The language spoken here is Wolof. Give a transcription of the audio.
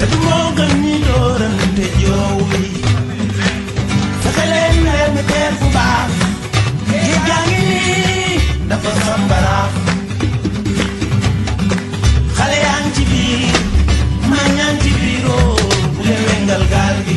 te du moo gën ñi doorante joowu yi fexe leen baax ngi nii dafa sambaraaf xale yaa ngi ci biir man ñaa ngi wengal gaal gi